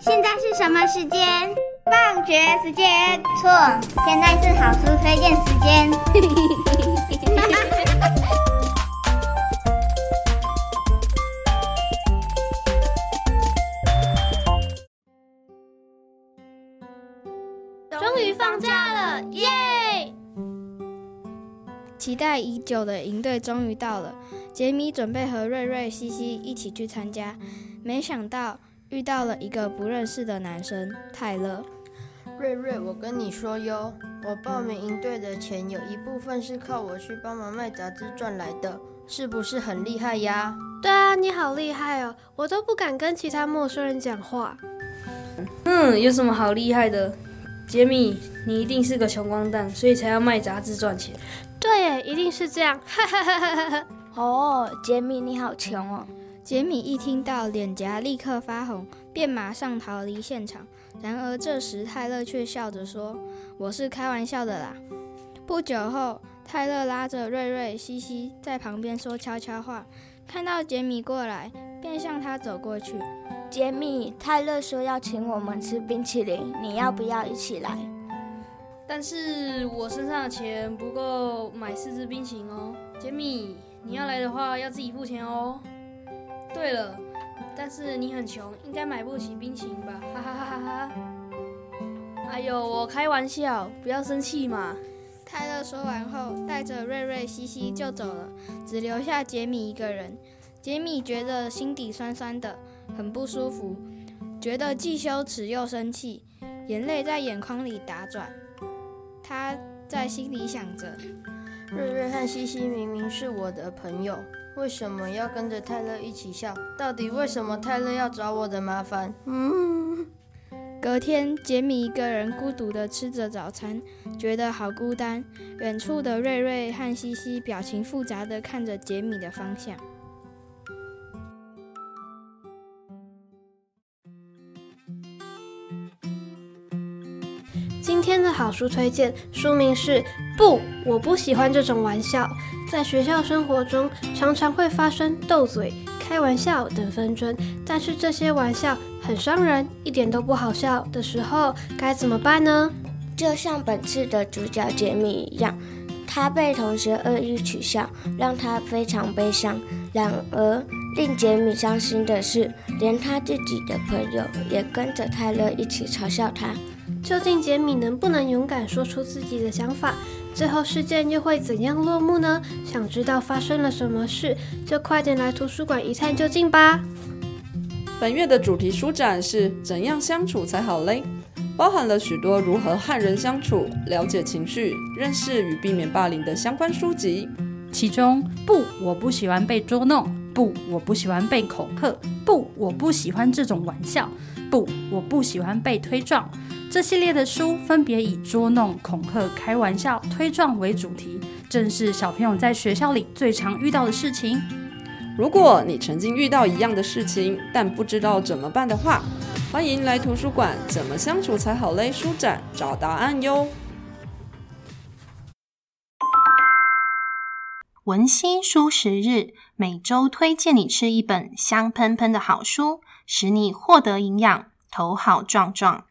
現在是什麼時間？放學時間。錯，現在是好書推薦時間。 終於放假了，耶！期待已久的營隊終於到了，傑米準備和瑞瑞、西西一起去參加，沒想到。遇到了一個不認識的男生，泰勒。瑞瑞，我跟你說喲，我報名營隊的錢有一部分是靠我去幫忙賣雜誌賺來的，是不是很厲害呀？對啊，你好厲害哦，我都不敢跟其他陌生人講話。嗯，有什麼好厲害的？傑米，你一定是個窮光蛋，所以才要賣雜誌賺錢。對，一定是這樣。哈哈哈哈哈！哦，傑米，你好窮哦。傑米一聽到，臉頰立刻發紅，便馬上逃離現場。然而這時，泰勒卻笑着說：“我是開玩笑的啦。”不久後，泰勒拉着瑞瑞、西西在旁邊說悄悄話。看到傑米過來，便向他走過去。傑米，泰勒說要請我們吃冰淇淋，你要不要一起來？但是我身上的錢不夠買四支冰淇淋哦。傑米，你要來的話，嗯、要自己付錢哦。對了，但是你很窮，應該買不起冰淇淋吧？哈哈哈哈哈！哎呦，我開玩笑，不要生氣嘛。泰勒說完後，帶着瑞瑞、西西就走了，只留下杰米一個人。杰米覺得心底酸酸的，很不舒服，覺得既羞恥又生氣，眼淚在眼眶裡打轉。他在心裡想着：瑞瑞和西西明明是我的朋友。為什麼要跟着泰勒一起笑？到底為什麼泰勒要找我的麻煩？嗯。隔天，杰米一個人孤獨的吃着早餐，覺得好孤單。遠處的瑞瑞和西西表情複雜的看着杰米的方向。今天的好書推薦，書名是《不，我不喜歡這種玩笑》。在學校生活中，常常會發生鬥嘴、開玩笑等紛爭，但是這些玩笑很傷人，一點都不好笑的時候，該怎麼辦呢？就像本次的主角杰米一樣，他被同學惡意取笑，讓他非常悲傷。然而，令杰米傷心的是，連他自己的朋友也跟着泰勒一起嘲笑他。究竟傑米能不能勇敢說出自己的想法？最後事件又會怎樣落幕呢？想知道發生了什麼事，就快點來圖書館一探究竟吧！本月的主題書展是怎樣相處才好嘞？包含了許多如何和人相處、了解情緒、認識與避免霸凌的相關書籍，其中《不，我不喜歡被捉弄》、不，我不喜歡被恐嚇。不，我不喜歡這種玩笑。不，我不喜歡被推撞。這系列的書分別以捉弄、恐嚇、開玩笑、推撞為主題，正是小朋友在學校裡最常遇到的事情。如果你曾經遇到一樣的事情，但不知道怎麼辦的話，歡迎來圖書館，怎麼相處才好嘞？書展找答案喲。文欣書食日，每周推薦你吃一本香噴噴的好書，使你獲得營養，頭好壯壯。